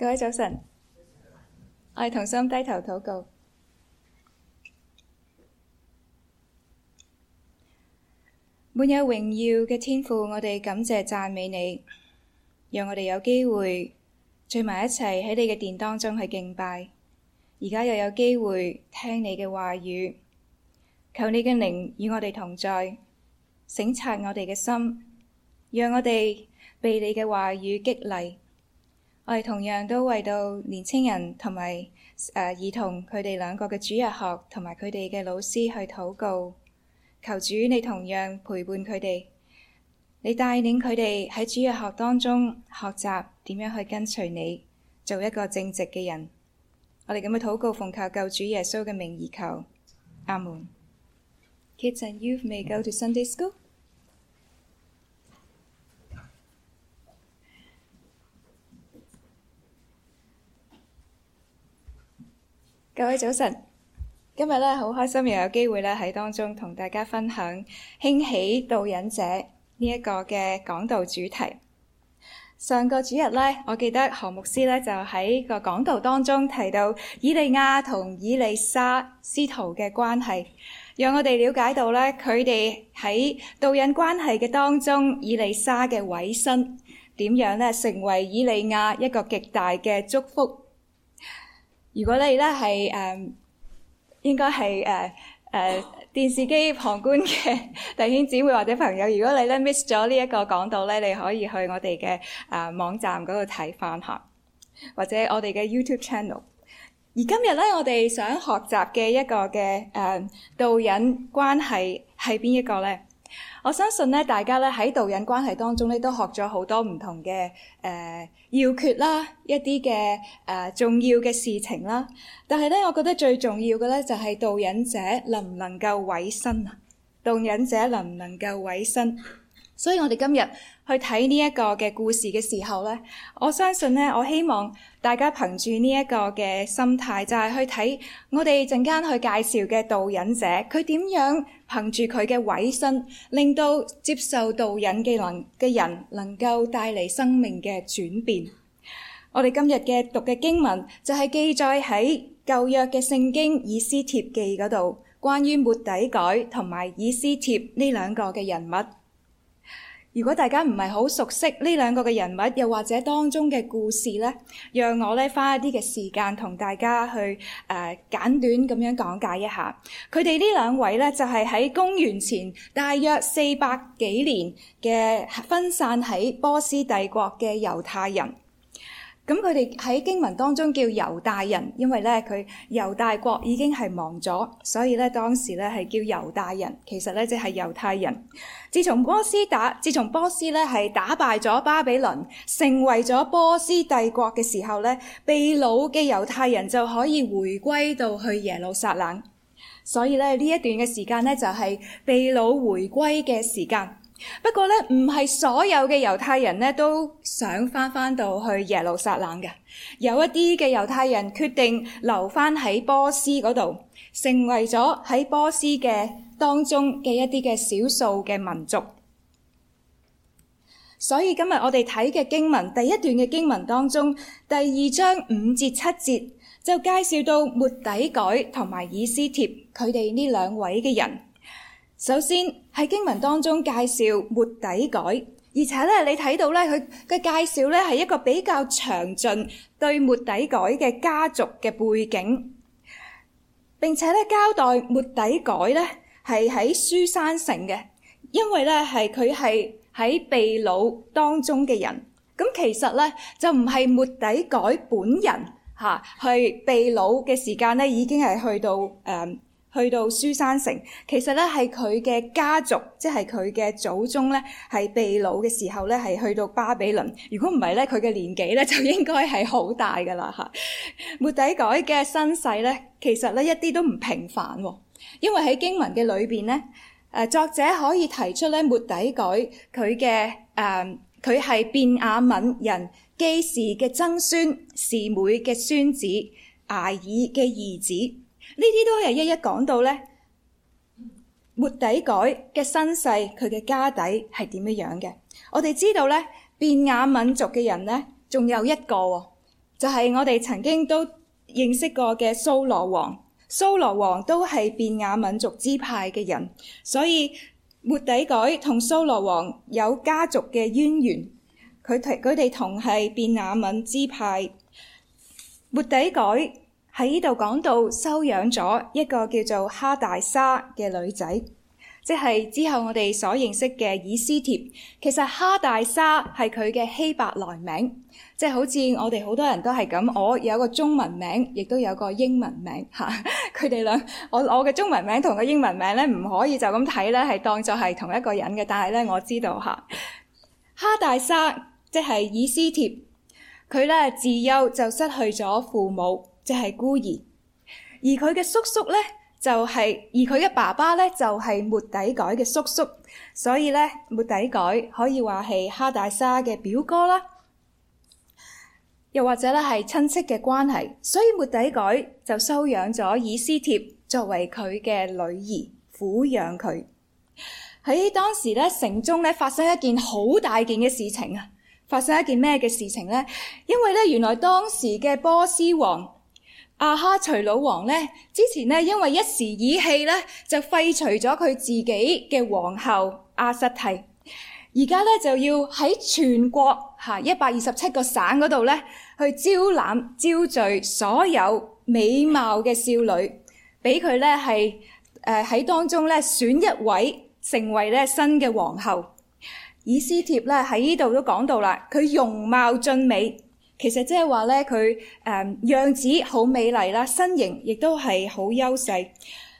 各位早晨，我係同心低頭禱告，滿有榮耀嘅天父，我哋感謝讚美你，讓我哋有機會聚埋一齊喺你嘅殿當中去敬拜，而家又有機會聽你嘅話語，求你嘅靈與我哋同在，省察我哋嘅心，讓我哋被你嘅話語激勵。我哋同樣都為到年青人，、uh，同埋誒兒童佢哋兩個嘅主日學同埋佢哋嘅老師去禱告，求主你同樣陪伴佢哋，你帶領佢哋喺主日學當中學習點樣去跟隨你，做一個正直嘅人。我哋咁嘅禱告奉靠救主耶穌嘅名義求，阿門。Kids and youth may go to Sunday school. 各位，早晨。今日呢，好開心又有機會呢，喺當中同大家分享，興起導引者呢一個嘅講道主題。上個主日呢，我記得何牧師呢，就喺個講道當中提到，以利亞同以利沙師徒嘅關係。讓我哋了解到呢，佢哋喺導引關係嘅當中，以利沙嘅委身，點樣呢，成為以利亞一個極大嘅祝福。如果你咧係誒，應該係誒誒電視機旁觀嘅 弟兄姊妹或者朋友，如果你咧 miss 咗呢一個講道咧，你可以去我哋嘅啊網站嗰度睇翻下，或者我哋嘅 YouTube channel。而今日咧，我哋想學習嘅一個嘅誒、嗯、導引關係係邊一個咧？我相信咧，大家咧喺導引關係當中咧，都學咗好多唔同嘅誒、呃、要訣啦，一啲嘅誒重要嘅事情啦。但係咧，我覺得最重要嘅咧就係導引者能唔能夠委身啊？導引者能唔能夠委身？所以我哋今日，去睇呢一個嘅故事嘅時候，呢我相信，呢我希望大家憑住呢一個嘅心態，就係去睇我哋陣間去介紹嘅導引者，佢點樣憑住佢嘅委身，令到接受導引技能嘅人，能夠帶嚟生命嘅轉變。我哋今日嘅讀嘅經文就係記載喺舊約嘅聖經以斯帖記嗰度，關於末底改同埋以斯帖呢兩個嘅人物。如果大家唔係好熟悉呢兩個嘅人物，又或者當中嘅故事咧，讓我咧花一啲嘅時間同大家去誒、呃、簡短咁樣講解一下。佢哋呢兩位咧就係、是、喺公元前大約四百幾年嘅分散喺波斯帝國嘅猶太人。咁佢哋喺經文當中叫猶大人，因為咧佢猶大國已經係亡咗，所以咧當時咧係叫猶大人，其實咧即係猶太人。自從波斯打，自從波斯咧係打敗咗巴比倫，成為咗波斯帝國嘅時候咧，被擄嘅猶太人就可以回歸到去耶路撒冷，所以咧呢一段嘅時間咧就係被擄回歸嘅時間。不過咧，唔係所有嘅猶太人呢都想翻翻到去耶路撒冷嘅，有一啲嘅猶太人決定留翻喺波斯嗰度，成為咗喺波斯嘅當中嘅一啲嘅少數嘅民族。所以今日我哋睇嘅經文，第一段嘅經文當中，第二章五至七節就介紹到末底改同埋以斯帖佢哋呢兩位嘅人。首先，去到書珊城，其實咧係佢嘅家族，即係佢嘅祖宗咧，係被擄嘅時候咧，係去到巴比倫。如果唔係咧，佢嘅年紀咧就應該係好大噶啦吓。末底改嘅身世咧，其實咧一啲都唔平凡，因為喺經文嘅裏邊咧，誒作者可以提出咧末底改佢嘅誒佢係便雅憫人基士嘅曾孫，示每嘅孫子，睚珥嘅兒子。呢啲都係一一講到咧，末底改嘅身世，佢嘅家底係點樣樣嘅？我哋知道咧，便雅憫族嘅人咧，仲有一個，就係我哋曾經都認識過嘅蘇羅王。蘇羅王都係便雅憫族支派嘅人，所以末底改同蘇羅王有家族嘅淵源，佢佢哋同係便雅憫支派。末底改。喺呢度講到收養咗一個叫做哈大沙嘅女仔，即係之後我哋所認識嘅以斯帖。其實哈大沙係佢嘅希伯來名，即係好似我哋好多人都係咁。我有一個中文名，亦都有個英文名吓。佢哋兩我我嘅中文名同個英文名咧，唔可以就咁睇咧，係當作係同一個人嘅。但係咧，我知道吓哈大沙即係以斯帖，佢咧自幼就失去咗父母。即係孤兒，而佢嘅叔叔呢，就係，而佢嘅爸爸呢，就係末底改嘅叔叔，所以呢，末底改可以話係哈大沙嘅表哥啦，又或者咧係親戚嘅關係，所以末底改就收養咗以斯帖作為佢嘅女兒，撫養佢。喺當時呢城中呢，發生一件好大件嘅事情啊！發生一件咩嘅事情呢？因為呢，原來當時嘅波斯王。阿哈，亞哈隨魯王呢之前呢，因為一時意氣呢，就廢除咗佢自己嘅皇后瓦實提。而家呢，就要喺全國嚇一百二十七個省嗰度呢，去招攬招聚所有美貌嘅少女，俾佢呢係誒喺當中呢選一位成為呢新嘅皇后。以斯帖呢喺呢度都講到啦，佢容貌俊美。其實即係話咧，佢誒樣子好美麗啦，身形亦都係好優勢，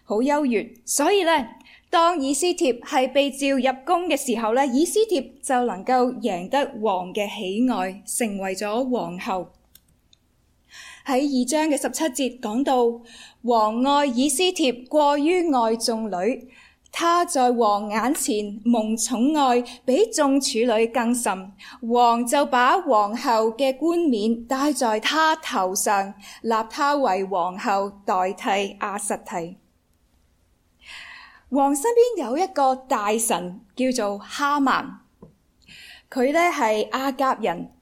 好優越，所以咧，當以斯帖係被召入宮嘅時候咧，以斯帖就能夠贏得王嘅喜愛，成為咗皇后。喺二章嘅十七節講到，王愛以斯帖，過於愛眾女。他在王眼前蒙寵愛，比眾處女更甚。王就把皇后嘅冠冕戴在他頭上，立他為皇后，代替瓦實提。王身邊有一個大臣，叫做哈曼，佢呢係亞甲人，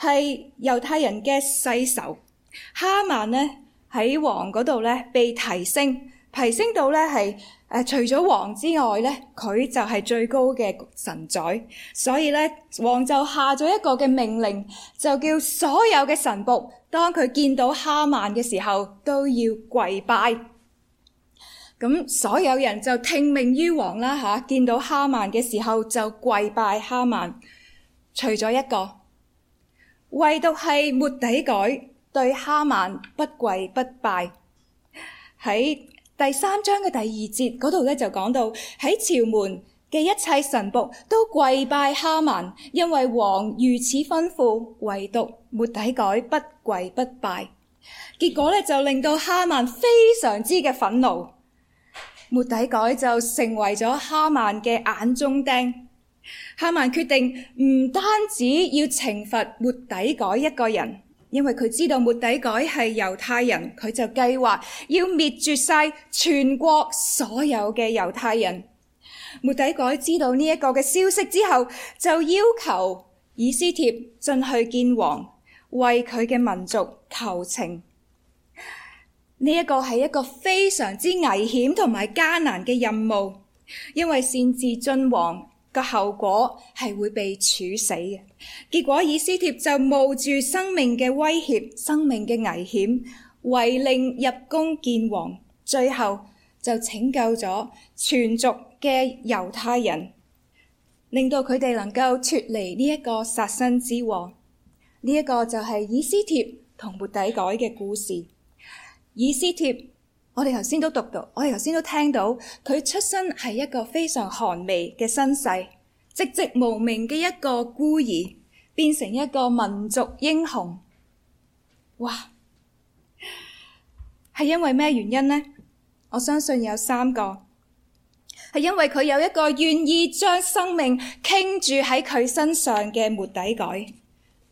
係猶太人嘅世仇。哈曼呢喺王嗰度呢被提升。提升到咧，係、啊、誒，除咗王之外咧，佢就係最高嘅神宰，所以咧，王就下咗一個嘅命令，就叫所有嘅神僕，當佢見到哈曼嘅時候，都要跪拜。咁所有人就聽命於王啦，吓、啊、見到哈曼嘅時候就跪拜哈曼，除咗一個，唯獨係末底改對哈曼不跪不拜喺。第三章嘅第二節嗰度咧就講到喺，朝門嘅一切臣僕都跪拜哈曼，因為王如此吩咐，唯獨抹底改不跪不拜。結果咧就令到哈曼非常之嘅憤怒，抹底改就成為咗哈曼嘅眼中釘。哈曼決定唔單止要懲罰抹底改一個人，因為佢知道末底改係猶太人，佢就計劃要滅絕晒全國所有嘅猶太人。末底改知道呢一個嘅消息之後，就要求以斯帖進去見王，為佢嘅民族求情。呢一個係一個非常之危險同埋艱難嘅任務，因為擅自進王。個後果係會被處死嘅，結果以斯帖就冒住生命嘅威脅、生命嘅危險，違令入宮見王，最後就拯救咗全族嘅猶太人，令到佢哋能夠脫離呢一個殺身之禍。呢、這、一個就係以斯帖同末底改嘅故事。以斯帖。我哋頭先都讀到，我哋頭先都聽到佢出身係一個非常寒微嘅身世，寂寂無名嘅一個孤兒，變成一個民族英雄。哇，係因為咩原因呢？我相信有三個，係因為佢有一個願意將生命傾注喺佢身上嘅末底改。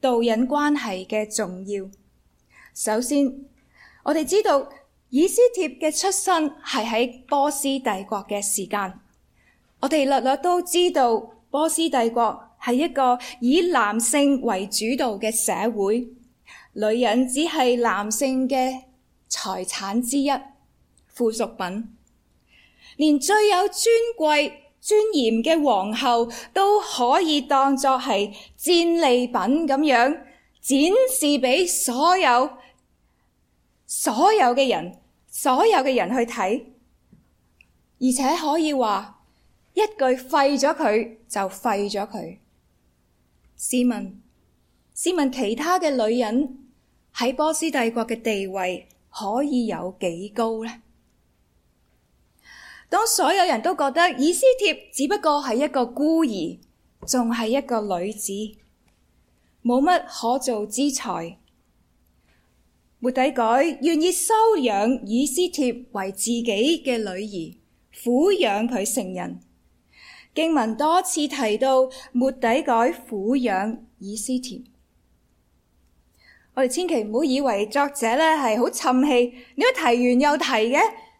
導引關係嘅重要。首先，我哋知道以斯帖嘅出身係喺波斯帝國嘅時間。我哋略略都知道波斯帝國係一個以男性為主導嘅社會，女人只係男性嘅財產之一，附屬品，連最有尊貴，尊嚴嘅皇后都可以當作係戰利品咁樣展示俾所有所有嘅人、所有嘅人去睇，而且可以話一句廢咗佢就廢咗佢。試問，試問其他嘅女人喺波斯帝國嘅地位可以有幾高呢？當所有人都覺得以斯帖只不過係一個孤兒，仲係一個女子，冇乜可做之才，末底改願意收養以斯帖為自己嘅女兒，撫養佢成人。經文多次提到末底改撫養以斯帖，我哋千祈唔好以為作者咧係好襯氣，點解提完又提嘅？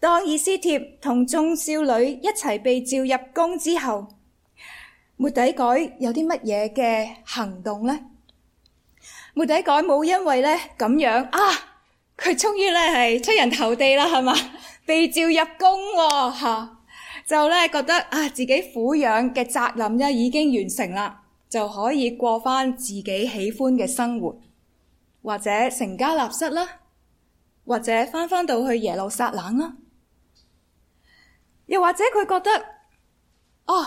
當以斯帖同眾少女一齊被召入宮之後，末底改有啲乜嘢嘅行動咧？末底改冇因為咧咁樣啊，佢終於咧係出人頭地啦，係嘛？被召入宮喎，吓就咧覺得啊自己撫養嘅責任呢已經完成啦，就可以過翻自己喜歡嘅生活，或者成家立室啦，或者翻翻到去耶路撒冷啦。又或者佢覺得，哦，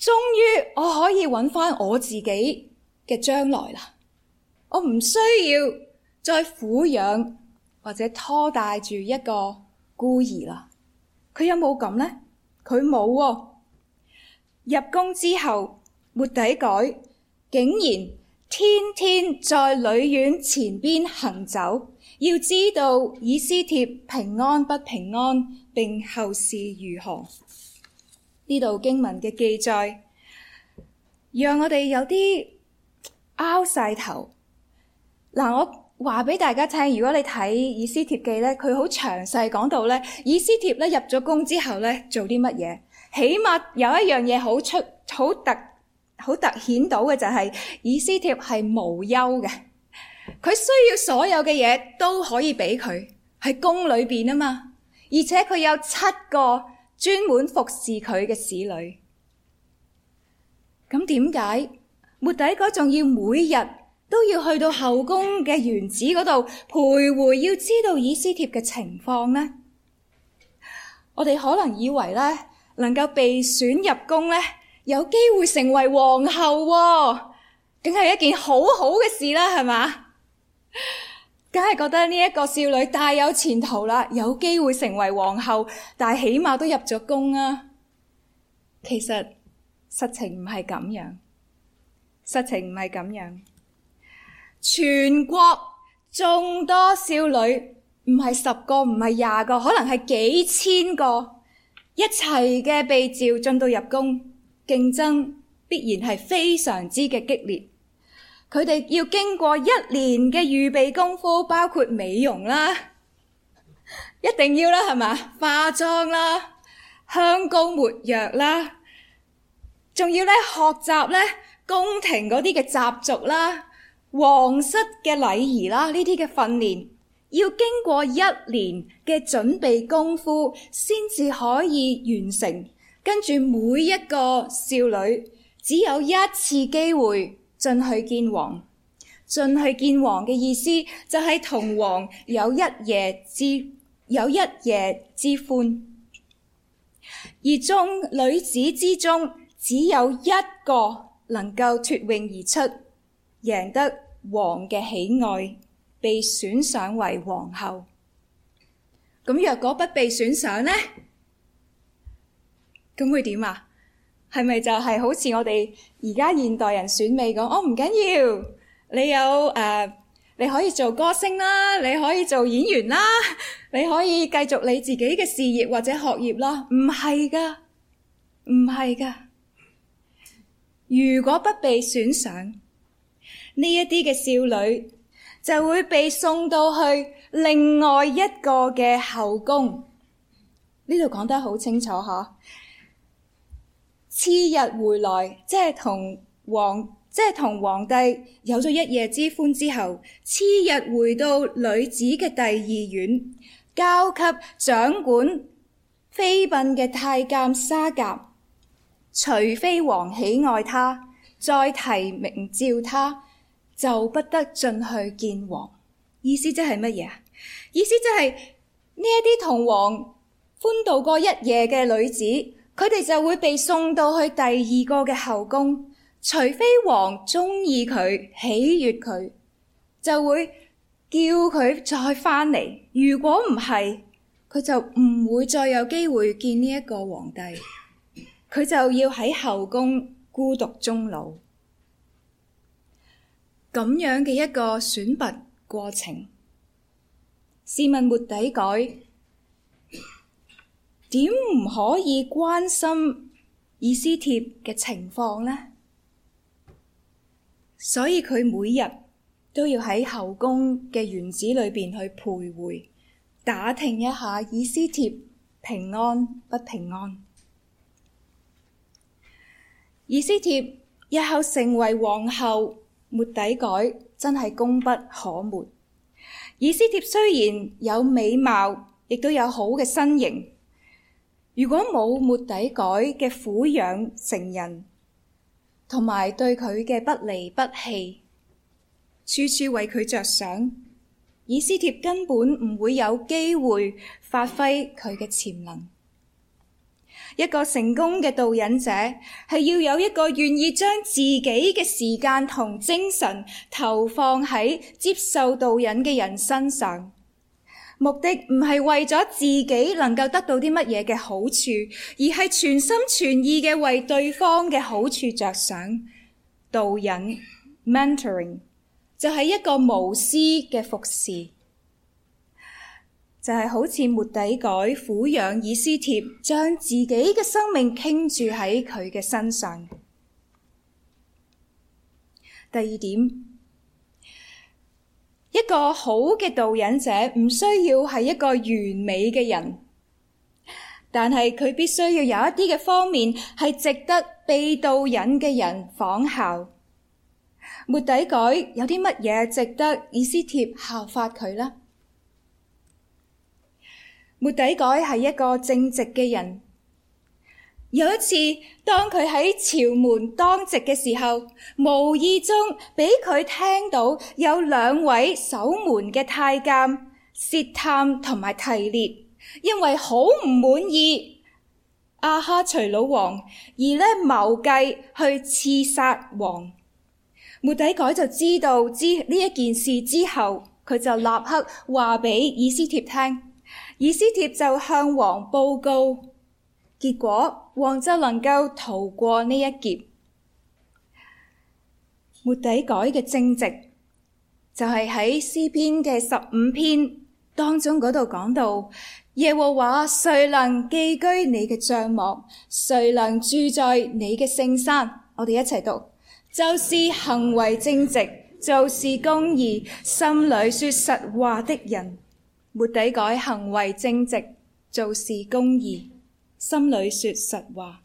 終於我可以揾翻我自己嘅將來啦！我唔需要再撫養或者拖帶住一個孤兒啦。佢有冇咁呢？佢冇喎。入宮之後，末底改，竟然天天在女院前邊行走，要知道以斯帖平安不平安？並後事如何？呢度經文嘅記載，讓我哋有啲拗晒頭。嗱，我話俾大家聽，如果你睇以斯帖記咧，佢好詳細講到咧，以斯帖咧入咗宮之後咧做啲乜嘢？起碼有一樣嘢好出好突好凸顯到嘅就係、是，以斯帖係無憂嘅。佢需要所有嘅嘢都可以俾佢，喺宮裏邊啊嘛。而且佢有七個專門服侍佢嘅侍女，咁點解末底改仲要每日都要去到後宮嘅園子嗰度徘徊，要知道以斯帖嘅情況呢？我哋可能以為咧，能夠被選入宮咧，有機會成為皇后，哦，梗係一件好好嘅事啦，係嘛？梗係覺得呢一個少女大有前途啦，有機會成為皇后，但係起碼都入咗宮啊。其實實情唔係咁樣，實情唔係咁樣。全國眾多少女，唔係十個，唔係廿個，可能係幾千個，一齊嘅被召進到入宮，競爭必然係非常之嘅激烈。佢哋要經過一年嘅預備功夫，包括美容啦，一定要啦，係咪？化妝啦、香膏抹藥啦，仲要咧，學習咧，宮廷嗰啲嘅習俗啦、皇室嘅禮儀啦，呢啲嘅訓練要經過一年嘅準備功夫，先至可以完成。跟住每一個少女只有一次機會。進去見王，進去見王嘅意思就係同王有一夜之，有一夜之歡，而中女子之中只有一個能夠脫穎而出，贏得王嘅喜愛，被選上為皇后。咁若果不被選上呢？咁會點啊？係咪就係好似我哋而家現代人選美咁？哦，唔緊要，你有誒，uh, 你可以做歌星啦，你可以做演員啦，你可以繼續你自己嘅事業或者學業啦。唔係噶，唔係噶。如果不被選上，呢一啲嘅少女就會被送到去另外一個嘅後宮。呢度講得好清楚吓。次日回來，即係同皇，即係同皇帝有咗一夜之歡之後，次日回到女子嘅第二院，交給掌管妃嬪嘅太監沙甲。除非皇喜愛他，再提名召他，就不得進去見王。意思即係乜嘢啊？意思即係呢一啲同皇歡度過一夜嘅女子。佢哋就會被送到去第二個嘅後宮，除非王中意佢、喜悅佢，就會叫佢再翻嚟。如果唔係，佢就唔會再有機會見呢一個皇帝，佢就要喺後宮孤獨終老。咁樣嘅一個選拔過程，試問末底改，點唔可以關心以斯帖嘅情況呢？所以佢每日都要喺後宮嘅園子裏邊去徘徊，打聽一下以斯帖平安不平安。以斯帖日後成為皇后，末底改真係功不可沒。以斯帖雖然有美貌，亦都有好嘅身形。.如果冇末，末底改嘅撫養成人，同埋對佢嘅不離不棄，處處為佢着想，以斯帖根本唔會有機會發揮佢嘅潛能。一個成功嘅導引者，係要有一個願意將自己嘅時間同精神投放喺接受導引嘅人身上。目的唔係為咗自己能夠得到啲乜嘢嘅好處，而係全心全意嘅為對方嘅好處着想。導引 mentoring 就係一個無私嘅服侍，就係、是、好似末底改撫養以斯帖，將自己嘅生命傾注喺佢嘅身上。第二點。一個好嘅導引者唔需要係一個完美嘅人，但係佢必須要有一啲嘅方面係值得被導引嘅人仿效。末底改有啲乜嘢值得以斯帖效法佢呢？末底改係一個正直嘅人。有一次，當佢喺朝門當值嘅時候，無意中俾佢聽到有兩位守門嘅太監辟探同埋提列，因為好唔滿意亞哈隨魯王，而呢謀計去刺殺王。末底改就知道知呢一件事之後，佢就立刻話俾以斯帖聽，以斯帖就向王報告。結果王就能夠逃過呢一劫。末底改嘅正直就係喺詩篇嘅十五篇當中嗰度講到耶和華誰能寄居你嘅帳幕，誰能住在你嘅聖山？我哋一齊讀：就是行為正直、做事公義、心裏說實話的人。末底改行為正直、做事公義。心裏說實話。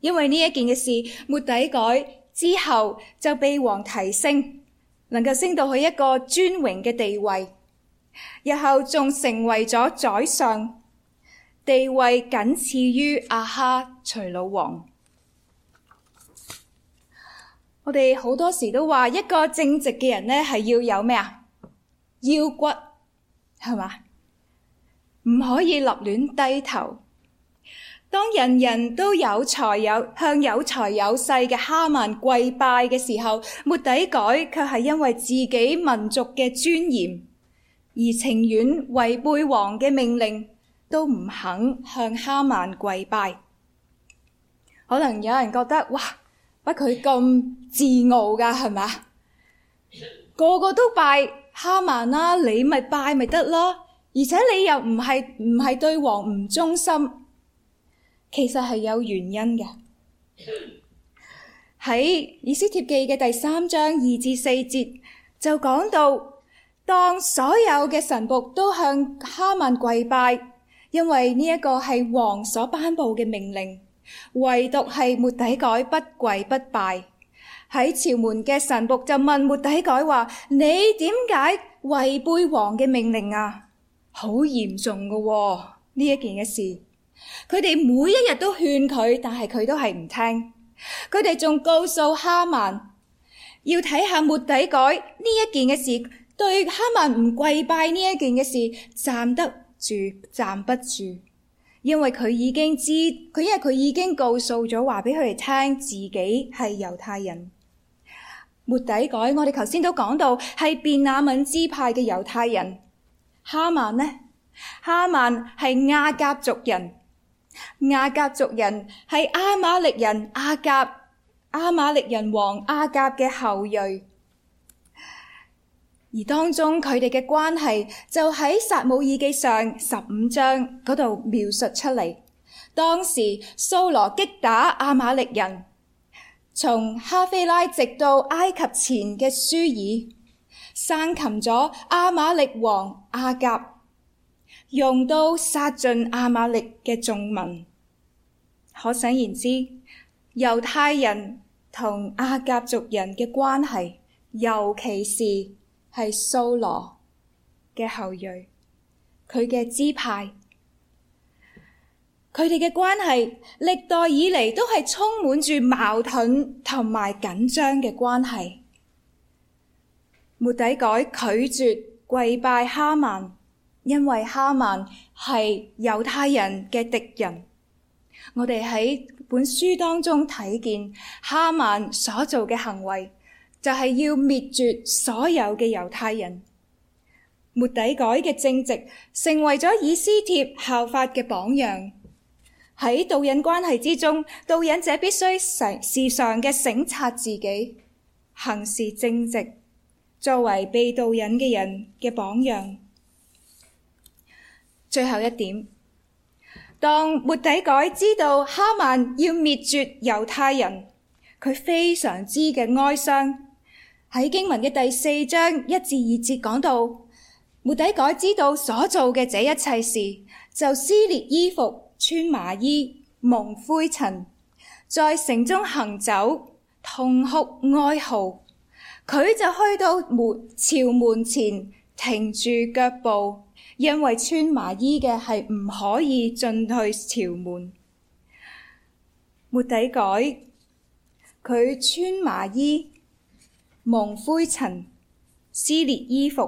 因為呢一件嘅事，末底改之後就被王提升，能夠升到去一個尊榮嘅地位，日後仲成為咗宰相，地位僅次於亞哈隨魯王。我哋好多時都話，一個正直嘅人呢係要有咩啊腰骨，係嘛？唔可以立亂低頭。當人人都有財有，向有財有勢嘅哈曼跪拜嘅時候，末底改卻係因為自己民族嘅尊嚴，其實係有原因嘅。喺《以斯帖記》嘅第三章二至四節就講到，當所有嘅神僕都向哈曼跪拜，因為呢一個係王所頒布嘅命令，唯獨係末底改不跪不拜。喺朝門嘅神僕就問末底改話：你點解違背王嘅命令啊？好嚴重㗎喎，呢一件嘅事。佢哋每一日都勸佢，但係佢都係唔聽。佢哋仲告訴哈曼，要睇下末底改呢一件嘅事，對哈曼唔跪拜呢一件嘅事站得住站不住，因為佢已經知，佢因為佢已經告訴咗話俾佢哋聽，自己係猶太人。末底改，我哋頭先都講到係便雅憫支派嘅猶太人。哈曼呢？哈曼係亞甲族人。亞甲族人係亞瑪力人亞甲、亞瑪力人王亞甲嘅後裔，而當中佢哋嘅關係就喺撒母耳記上十五章嗰度描述出嚟。當時掃羅擊打亞瑪力人，從哈腓拉直到埃及前嘅書珥，生擒咗亞瑪力王亞甲。用刀殺盡亞瑪力嘅眾民。可想而知，猶太人同亞甲族人嘅關係，尤其是係掃羅嘅後裔，佢嘅支派，佢哋嘅關係，歷代以嚟都係充滿住矛盾同埋緊張嘅關係。末底改拒絕跪拜哈曼。因為哈曼係猶太人嘅敵人，我哋喺本書當中睇見哈曼所做嘅行為，就係要滅絕所有嘅猶太人。末底改嘅正直，成為咗以斯帖效法嘅榜樣。喺導引關係之中，導引者必須常時常嘅省察自己，行事正直，作為被導引嘅人嘅榜樣。最後一點，當末底改知道哈曼要滅絕猶太人，佢非常之嘅哀傷。喺經文嘅第四章一至二節講到，末底改知道所做嘅這一切事，就撕裂衣服，穿麻衣，蒙灰塵，在城中行走，痛哭哀號。佢就去到門朝門前停住腳步。因為穿麻衣嘅係唔可以進去朝門，末底改佢穿麻衣，蒙灰塵，撕裂衣服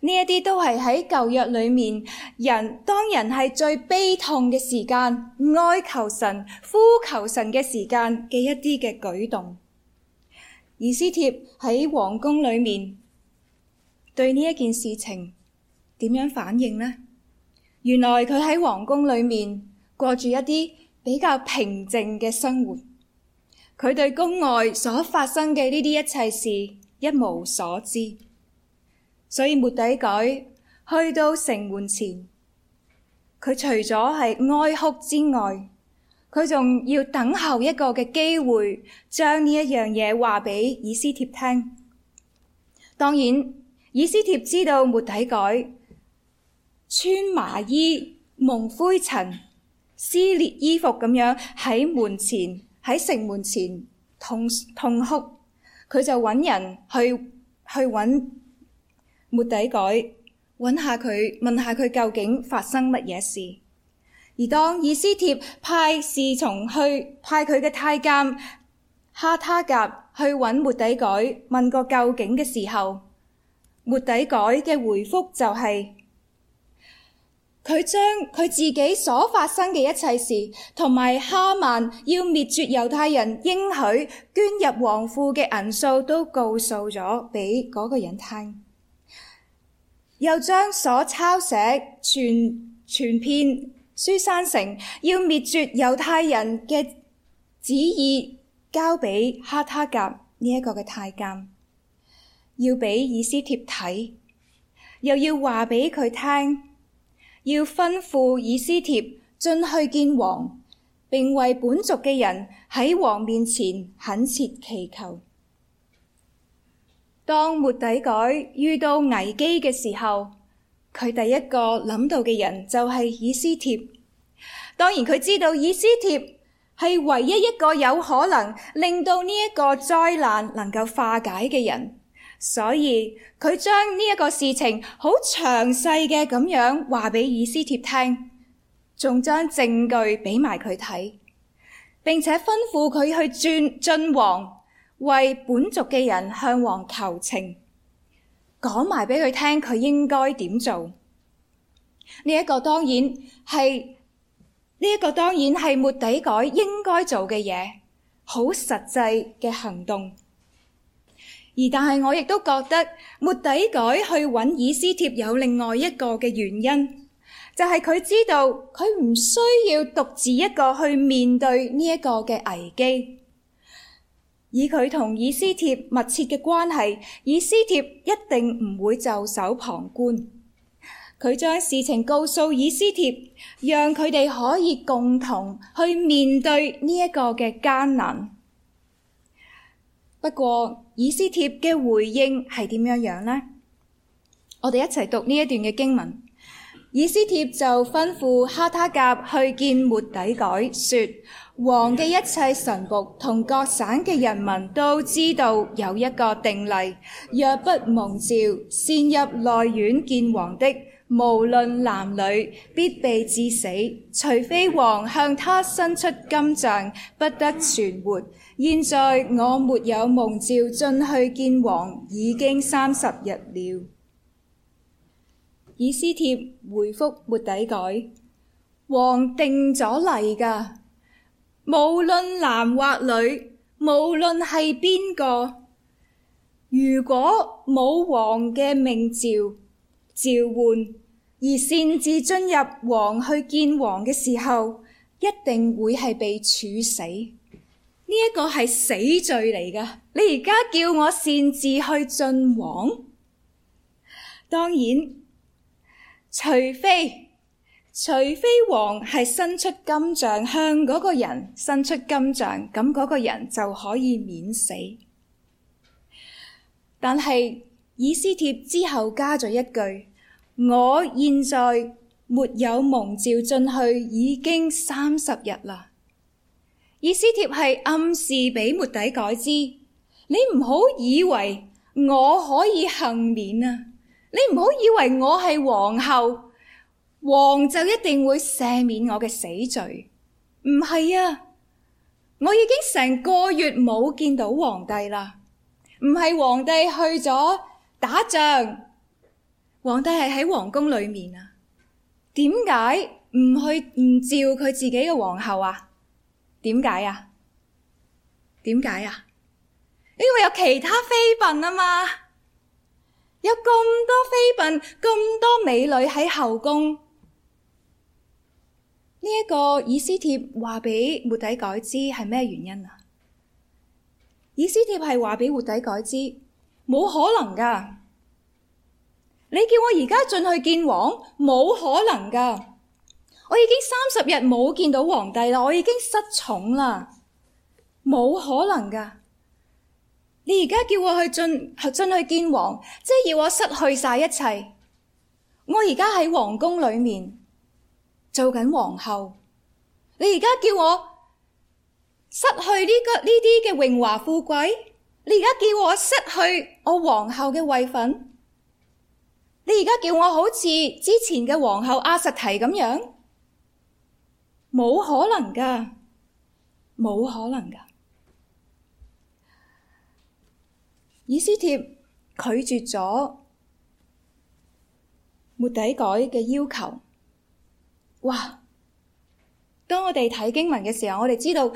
呢一啲都係喺舊約裏面人當人係最悲痛嘅時間，哀求神、呼求神嘅時間嘅一啲嘅舉動。以斯帖喺皇宮裏面對呢一件事情。點樣反應呢？原來佢喺皇宮裏面過住一啲比較平靜嘅生活，佢對宮外所發生嘅呢啲一切事一無所知，所以末底改去到城門前，佢除咗係哀哭之外，佢仲要等候一個嘅機會，將呢一樣嘢話俾以斯帖聽。當然，以斯帖知道末底改。穿麻衣，蒙灰塵，撕裂衣服咁樣喺門前喺城門前痛，痛哭。佢就揾人去去揾末底改，揾下佢問下佢究竟發生乜嘢事。而當以斯帖派侍從去派佢嘅太監哈他甲去揾末底改問個究竟嘅時候，末底改嘅回覆就係、是。佢將佢自己所發生嘅一切事，同埋哈曼要滅絕猶太人應許捐入王庫嘅銀數，都告訴咗俾嗰個人聽。又將所抄寫全全篇書珊城要滅絕猶太人嘅旨意交俾哈他革呢一個嘅太監，要俾以斯帖睇，又要話俾佢聽。要吩咐以斯帖進去見王，並為本族嘅人喺王面前懇切祈求。當末底改遇到危機嘅時候，佢第一個諗到嘅人就係以斯帖。當然，佢知道以斯帖係唯一一個有可能令到呢一個災難能夠化解嘅人。所以佢將呢一個事情好詳細嘅咁樣話俾以斯帖聽，仲將證據俾埋佢睇，並且吩咐佢去轉進王為本族嘅人向王求情，講埋俾佢聽佢應該點做。呢、這、一個當然係呢一個當然係末底改應該做嘅嘢，好實際嘅行動。而但係我亦都覺得，末底改去揾以斯帖有另外一個嘅原因，就係、是、佢知道佢唔需要獨自一個去面對呢一個嘅危機。以佢同以斯帖密切嘅關係，以斯帖一定唔會袖手旁觀。佢將事情告訴以斯帖，讓佢哋可以共同去面對呢一個嘅艱難。不過，以斯帖嘅回應係點樣樣呢？我哋一齊讀呢一段嘅經文。以斯帖就吩咐哈他甲去見末底改，說：王嘅一切臣僕同各省嘅人民都知道有一個定例，若不蒙召，擅入內院見王的。無論男女，必被致死，除非王向他伸出金杖，不得存活。現在我沒有蒙召進去見王，已經三十日了。以斯帖回覆末底改，王定咗例㗎，無論男或女，無論係邊個，如果冇王嘅命召召喚。而擅自進入王去見王嘅時候，一定會係被處死。呢一個係死罪嚟㗎。你而家叫我擅自去進王，當然，除非除非王係伸出金杖向嗰個人伸出金杖，咁嗰個人就可以免死。但係以斯帖之後加咗一句。我現在沒有蒙召進去已經三十日啦，以斯帖係暗示俾末底改之：「你唔好以為我可以幸免啊！你唔好以為我係皇后，皇就一定會赦免我嘅死罪，唔係啊！我已經成個月冇見到皇帝啦，唔係皇帝去咗打仗。皇帝係喺皇宮裏面啊，點解唔去唔召佢自己嘅皇后啊？點解啊？點解啊？因為有其他妃嬪啊嘛，有咁多妃嬪，咁多美女喺後宮。呢、這、一個以斯帖話俾末底改知係咩原因啊？以斯帖係話俾末底改知，冇可能噶。你叫我而家進去見王，冇可能噶！我已經三十日冇見到皇帝啦，我已經失寵啦，冇可能噶！你而家叫我去進進去見王，即係要我失去晒一切。我而家喺皇宮裏面做緊皇后，你而家叫我失去呢個呢啲嘅榮華富貴，你而家叫我失去我皇后嘅位份。你而家叫我好似之前嘅皇后阿實提咁樣，冇可能噶，冇可能噶。以斯帖拒絕咗末底改嘅要求。哇！當我哋睇經文嘅時候，我哋知道呢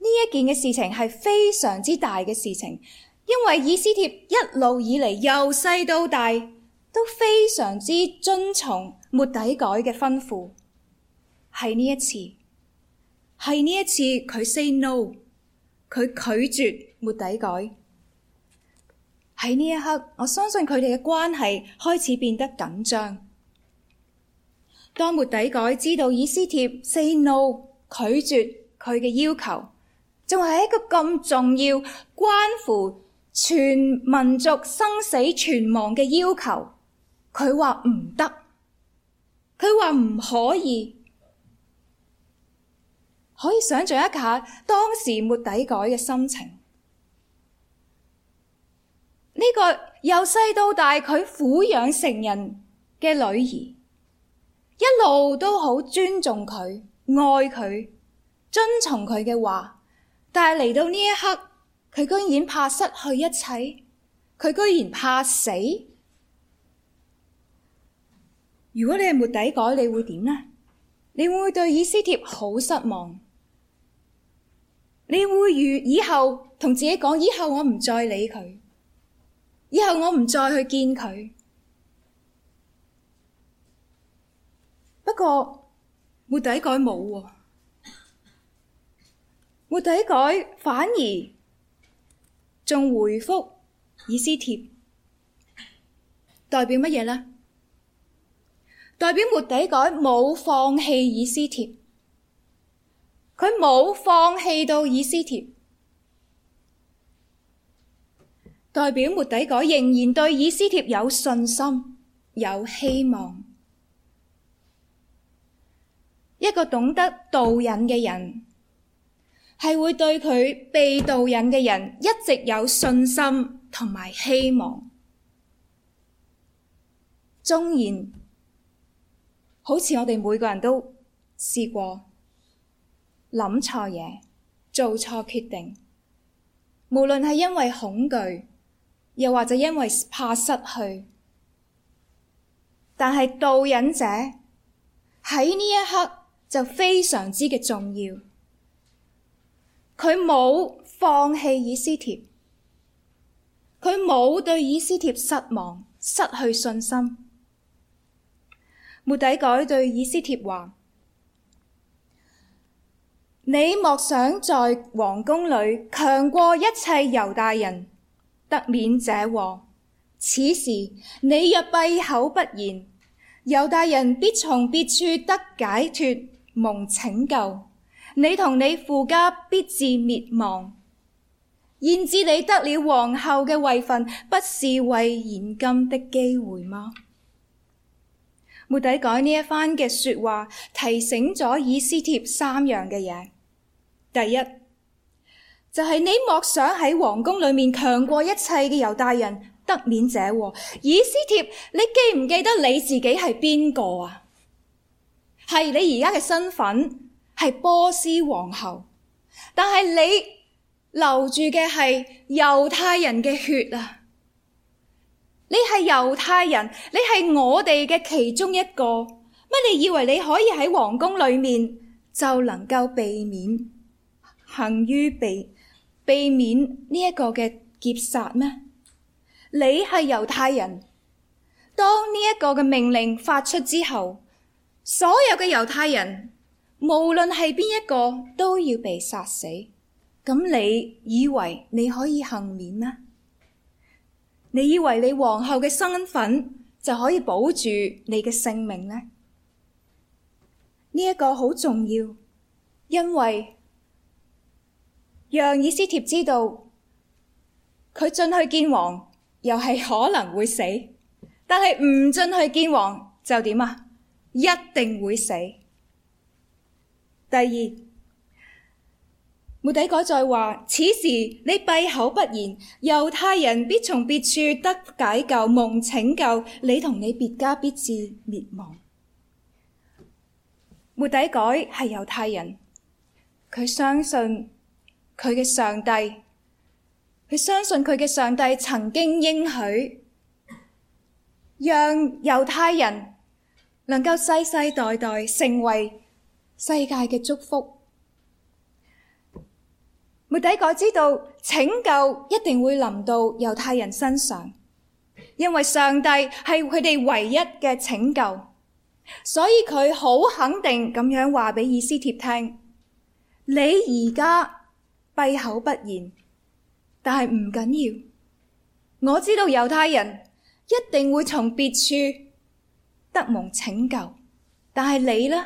一件嘅事情係非常之大嘅事情，因為以斯帖一路以嚟，由細到大。都非常之遵從末底改嘅吩咐，係呢一次，係呢一次佢 say no，佢拒絕末底改。喺呢一刻，我相信佢哋嘅關係開始變得緊張。當末底改知道以斯帖 say no，拒絕佢嘅要求，仲係一個咁重要、關乎全民族生死存亡嘅要求。佢話唔得，佢話唔可以，可以想象一下當時末底改嘅心情。呢、這個由細到大佢撫養成人嘅女兒，一路都好尊重佢、愛佢、遵從佢嘅話，但係嚟到呢一刻，佢居然怕失去一切，佢居然怕死。如果你係末底改，你會點呢？你會唔會對以斯帖好失望？你會如以後同自己講，以後我唔再理佢，以後我唔再去見佢。不過末底改冇喎，末底改反而仲回覆以斯帖，代表乜嘢呢？代表末底改冇放棄以斯帖，佢冇放棄到以斯帖，代表末底改仍然對以斯帖有信心、有希望。一個懂得導引嘅人，係會對佢被導引嘅人一直有信心同埋希望，忠言。好似我哋每個人都試過諗錯嘢、做錯決定，無論係因為恐懼，又或者因為怕失去，但係導引者喺呢一刻就非常之嘅重要。佢冇放棄以斯帖，佢冇對以斯帖失望、失去信心。末底改對以斯帖話：你莫想在皇宮裏強過一切猶大人得免這禍。此時你若閉口不言，猶大人必從別處得解脫蒙拯救，你同你父家必至滅亡。焉知你得了皇后嘅位份，不是為現今的機會嗎？末底改講呢一番嘅說話，提醒咗以斯帖三樣嘅嘢。第一，就係、是、你莫想喺皇宮裏面強過一切嘅猶大人得免者。以斯帖，你記唔記得你自己係邊個啊？係你而家嘅身份係波斯皇后，但係你留住嘅係猶太人嘅血啊！你係猶太人，你係我哋嘅其中一個乜？你以為你可以喺皇宮裏面就能夠避免幸於被避，避免呢一個嘅劫殺咩？你係猶太人，當呢一個嘅命令發出之後，所有嘅猶太人無論係邊一個都要被殺死。咁你以為你可以幸免咩？你以為你皇后嘅身份就可以保住你嘅性命呢？呢，這一個好重要，因為讓以斯帖知道佢進去見王又係可能會死，但係唔進去見王就點啊？一定會死。第二。末底改再話：此時你閉口不言，猶太人必從別處得解救、蒙拯救，你同你別家必至滅亡。末底改係猶太人，佢相信佢嘅上帝，佢相信佢嘅上帝曾經應許，讓猶太人能夠世世代代成為世界嘅祝福。末底改知道拯救一定會臨到猶太人身上，因為上帝係佢哋唯一嘅拯救，所以佢好肯定咁樣話俾以斯帖聽：你而家閉口不言，但係唔緊要，我知道猶太人一定會從別處得蒙拯救，但係你呢？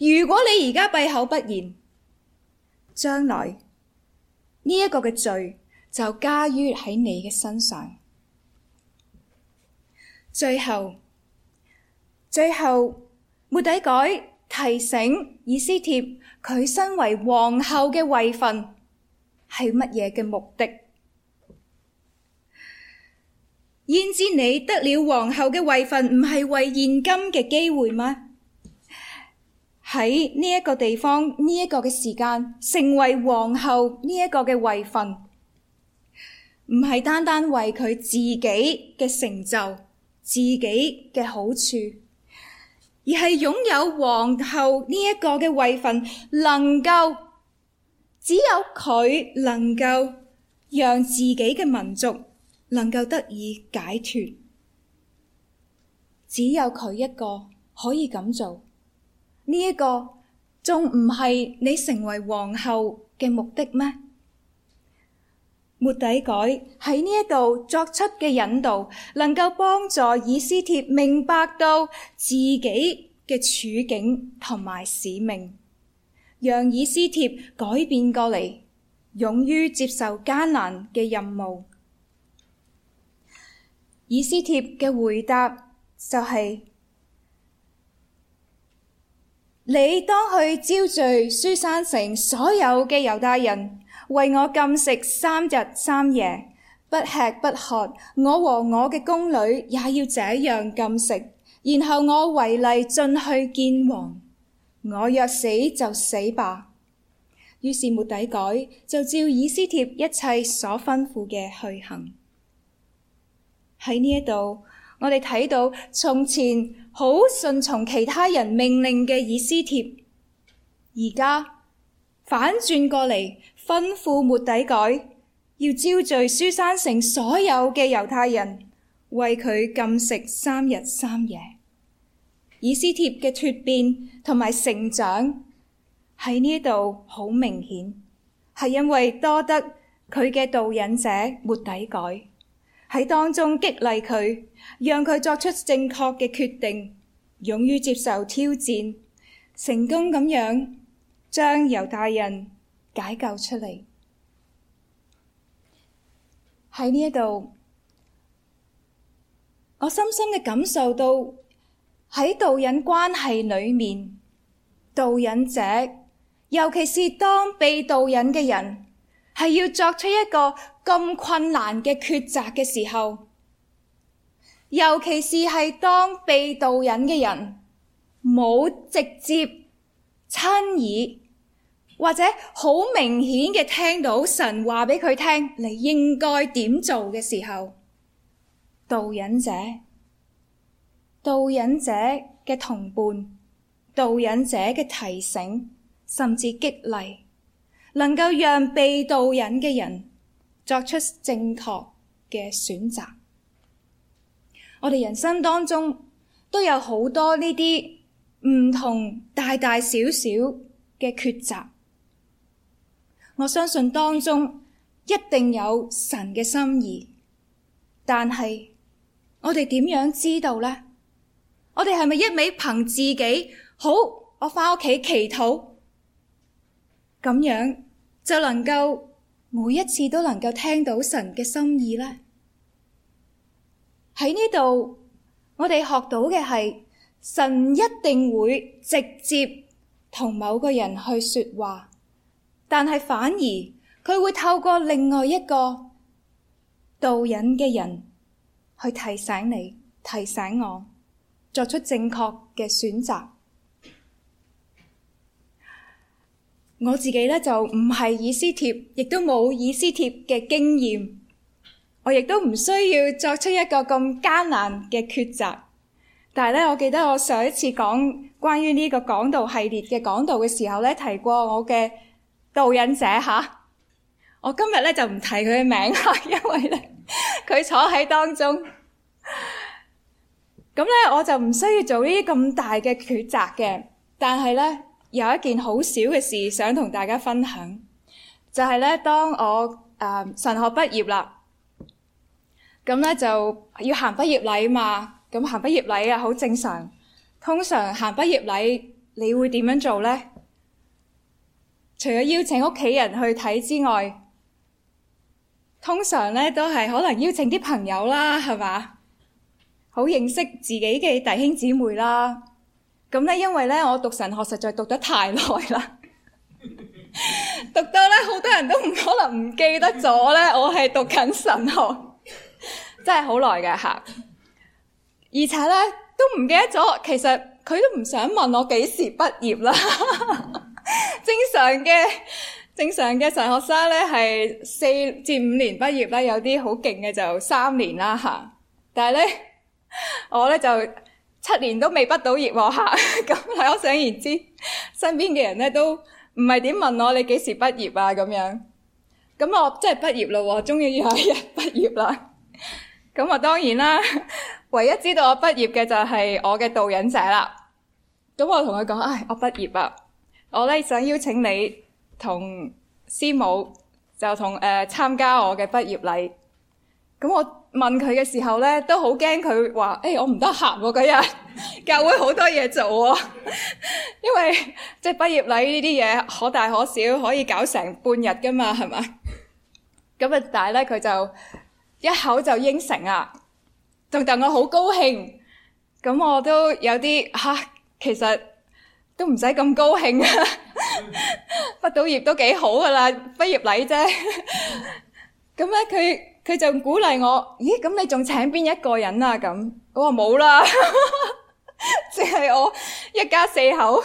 如果你而家閉口不言，將來。呢一個嘅罪就加於喺你嘅身上。最後，最後，末底改提醒以斯帖，佢身為皇后嘅位份係乜嘢嘅目的？焉知，你得了皇后嘅位份唔係為現今嘅機會嗎？喺呢一個地方，呢、這、一個嘅時間，成為皇后呢一個嘅位份，唔係單單為佢自己嘅成就，自己嘅好處，而係擁有皇后呢一個嘅位份，能夠只有佢能夠讓自己嘅民族能夠得以解脫，只有佢一個可以咁做。呢一個仲唔係你成為皇后嘅目的咩？末底改喺呢一度作出嘅引導，能夠幫助以斯帖明白到自己嘅處境同埋使命，讓以斯帖改變過嚟，勇於接受艱難嘅任務。以斯帖嘅回答就係、是。你當去招聚書珊城所有嘅猶大人，為我禁食三日三夜，不吃不喝。我和我嘅宮女也要這樣禁食。然後我違例進去見王，我若死就死吧。於是末底改就照以斯帖一切所吩咐嘅去行。喺呢一度，我哋睇到從前。好順從其他人命令嘅以斯帖，而家反轉過嚟吩咐末底改，要招聚書珊城所有嘅猶太人為佢禁食三日三夜。以斯帖嘅蛻變同埋成長喺呢度好明顯，係因為多得佢嘅導引者末底改。喺當中激勵佢，讓佢作出正確嘅決定，勇於接受挑戰，成功咁樣將猶大人解救出嚟。喺呢一度，我深深嘅感受到喺導引關係裏面，導引者，尤其是當被導引嘅人，係要作出一個咁困難嘅抉擇嘅時候，尤其是係當被導引嘅人冇直接親耳或者好明顯嘅聽到神話俾佢聽，你應該點做嘅時候，導引者、導引者嘅同伴、導引者嘅提醒，甚至激勵。能夠讓被導引嘅人作出正確嘅選擇，我哋人生當中都有好多呢啲唔同大大小小嘅抉擇，我相信當中一定有神嘅心意，但係我哋點樣知道呢？我哋係咪一味憑自己？好，我翻屋企祈禱咁樣。就能夠每一次都能夠聽到神嘅心意呢。喺呢度，我哋學到嘅係神一定會直接同某個人去說話，但係反而佢會透過另外一個導引嘅人去提醒你、提醒我，作出正確嘅選擇。我自己咧就唔係以斯帖，亦都冇以斯帖嘅經驗，我亦都唔需要作出一個咁艱難嘅抉擇。但係咧，我記得我上一次講關於呢個講道系列嘅講道嘅時候咧，提過我嘅導引者吓，我今日咧就唔提佢嘅名啦，因為咧佢 坐喺在當中。咁咧，我就唔需要做呢啲咁大嘅抉擇嘅。但係咧。有一件好少嘅事想同大家分享，就係呢，當我，呃，神學畢業啦，咁呢，就，要行畢業禮嘛，咁行畢業禮啊，好正常，通常行畢業禮，你會點樣做呢？除咗邀請屋企人去睇之外，通常呢，都係可能邀請啲朋友啦，係咪？好認識自己嘅弟兄姊妹啦，咁咧，因為咧，我讀神學實在讀得太耐啦，讀到咧好多人都唔可能唔記得咗咧，我係讀緊神學， 真係好耐嘅吓。而且咧都唔記得咗，其實佢都唔想問我幾時畢業啦。 正常嘅，正常嘅神學生咧係四至五年畢業啦，有啲好勁嘅就三年啦吓。但係咧我咧就。七年都未畢到業喎嚇，咁可想而知，身邊嘅人咧都唔係點問我，你幾時畢業啊，咁樣。咁我即係畢業嘞喎，終於有一日畢業啦。咁啊當然啦，唯一知道我畢業嘅就係我嘅導引者啦。咁我同佢講：唉，我畢業啦，我咧想邀請你同師母就同誒參加我嘅畢業禮。咁我。問佢嘅時候咧，都好驚佢話：誒，我唔得閒嗰日，教會好多嘢做啊。因為即係畢業禮呢啲嘢可大可小，可以搞成半日噶嘛，係咪？咁啊，但係咧佢就一口就應承啊，就等我好高興。咁我都有啲吓，其實都唔使咁高興啊，畢到業都幾好噶啦，畢業禮啫。咁咧佢。佢就鼓勵我，咦，咁你仲請邊一個人啊？咁我話冇啦，淨係我一家四口，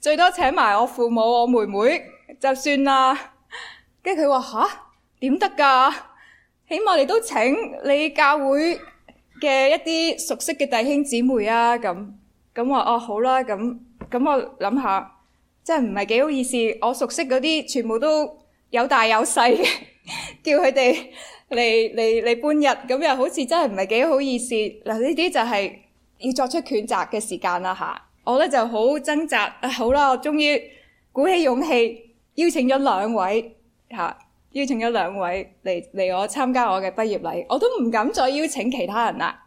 最多請埋我父母、我妹妹就算啦。跟住佢話，吓，點得噶？起碼你都請你教會嘅一啲熟悉嘅弟兄姊妹啊？咁咁話哦，好啦，咁咁我諗下，真係唔係幾好意思。我熟悉嗰啲全部都有大有細嘅，叫佢哋嚟嚟嚟半日，咁又好似真係唔係幾好意思。嗱，呢啲就係要作出抉擇嘅時間啦吓。我咧就好掙扎，啊、好啦，我終於鼓起勇氣邀請咗兩位吓，邀請咗兩位嚟嚟、啊、我參加我嘅畢業禮。我都唔敢再邀請其他人啦。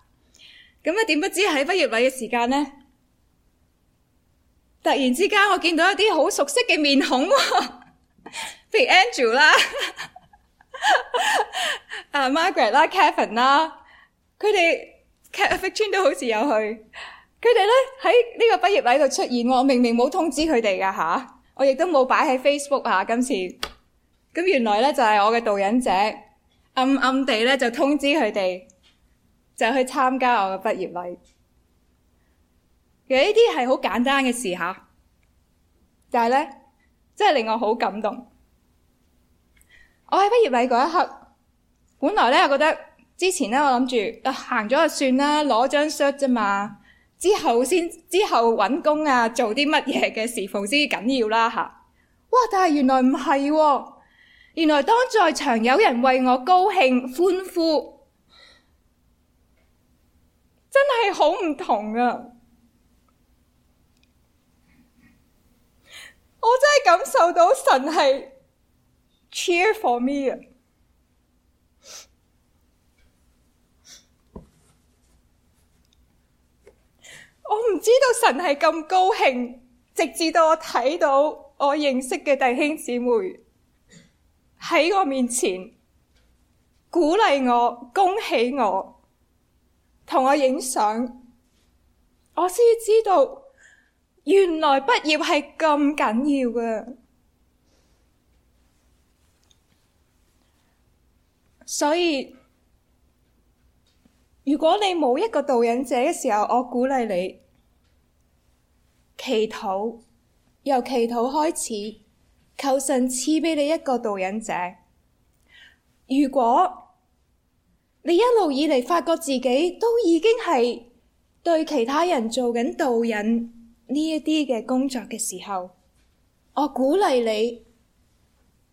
咁啊，點不知喺畢業禮嘅時間呢？突然之間我見到一啲好熟悉嘅面孔 Angel 啦。 譬如 Andrew, 阿、 啊、Margaret 啦、啊、Kevin 啦，佢哋 Victin 都好似有去。佢哋咧喺呢個畢業禮度出現，我明明冇通知佢哋噶吓，我亦都冇擺喺 Facebook 吓、啊、今次。咁、啊、原來咧就係、是、我嘅導引者，暗暗地咧就通知佢哋就去參加我嘅畢業禮。其實呢啲係好簡單嘅事吓、啊，但係咧真係令我好感動。我喺畢業禮嗰一刻，本來咧，我覺得之前咧，我諗住、啊、行咗就算啦，攞張書咋嘛。之後先之後搵工啊，做啲乜嘢嘅事，至緊要啦吓。哇！但係原來唔係、哦，原來當在場有人為我高興歡呼，真係好唔同啊！我真係感受到神係。Cheer for me！我唔知道神係咁高興，直至到我睇到我認識嘅弟兄姊妹喺我面前鼓勵我、恭喜我、同我影相，我先知道原來畢業係咁緊要㗎。所以，如果你冇一個導引者嘅時候，我鼓勵你祈禱，由祈禱開始，求神賜俾你一個導引者。如果你一路以嚟發覺自己都已經係對其他人做緊導引呢一啲嘅工作嘅時候，我鼓勵你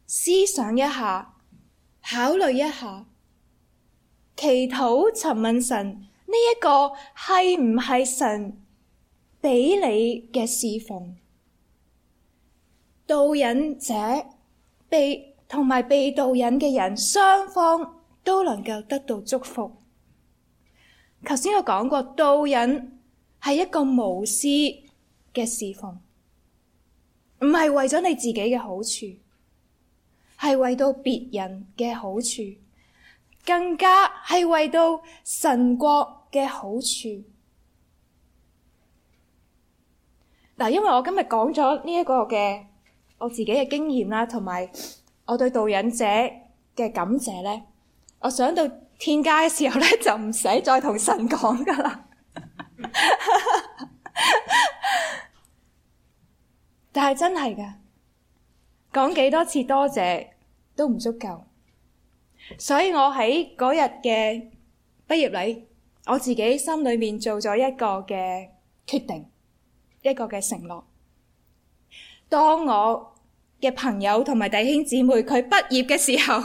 思想一下。考慮一下，祈禱、尋問神，呢一個係唔係神俾你嘅侍奉？導引者被同埋被導引嘅人，雙方都能夠得到祝福。頭先我講過，導引係一個無私嘅侍奉，唔係為咗你自己嘅好處。係為到別人嘅好處，更加係為到神國嘅好處。嗱，因為我今日講咗呢一個嘅我自己嘅經驗啦，同埋我對導引者嘅感謝咧，我想到天界嘅時候咧，就唔使再同神講噶啦。 但係真係噶。講幾多次多謝都唔足夠，所以我喺嗰日嘅畢業禮，我自己心裏面做咗一個嘅決定，一個嘅承諾。當我嘅朋友同埋弟兄姊妹佢畢業嘅時候，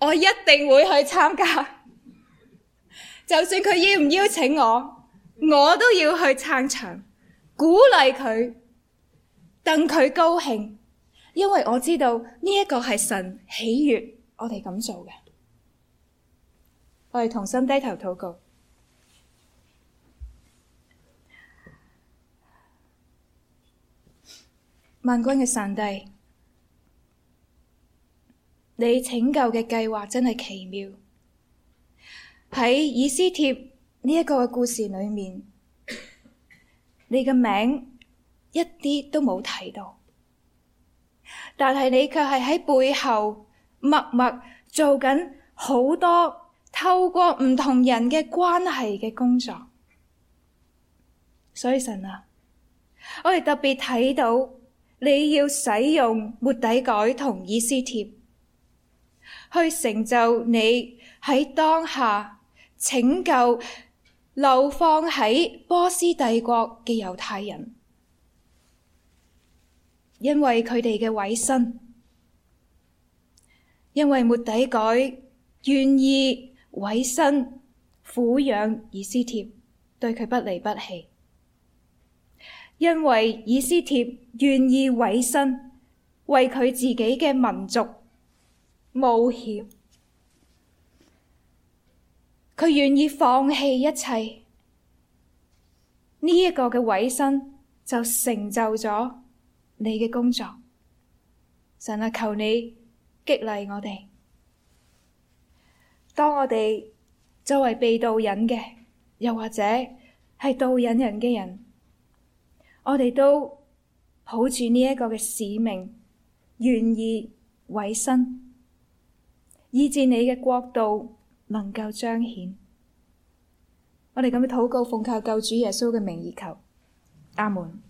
我一定會去參加，就算佢邀唔邀請我，我都要去撐場，鼓勵佢。等佢高興，因為我知道呢一個係神喜悦我哋咁做嘅。我哋同心低頭禱告，萬軍嘅上帝，你拯救嘅計劃真係奇妙。喺以斯帖呢一個嘅故事裏面，你嘅名。一啲都冇睇到，但係你卻係喺背後默默做緊好多透過唔同人嘅關係嘅工作，所以神啊，我哋特別睇到你要使用末底改同以斯帖去成就你喺當下拯救流放喺波斯帝國嘅猶太人。因為佢哋嘅委身，因為末底改願意委身撫養以斯帖，對佢不離不棄。因為以斯帖願意委身為佢自己嘅民族冒險，佢願意放棄一切，呢、這、一個嘅委身就成就咗。你嘅工作，神啊，求你激勵我哋。當我哋作為被導引嘅，又或者係導引人嘅人，我哋都抱住呢一個嘅使命，願意委身，以至你嘅國度能夠彰顯。我哋咁樣禱告，奉靠救主耶穌嘅名義求，阿門。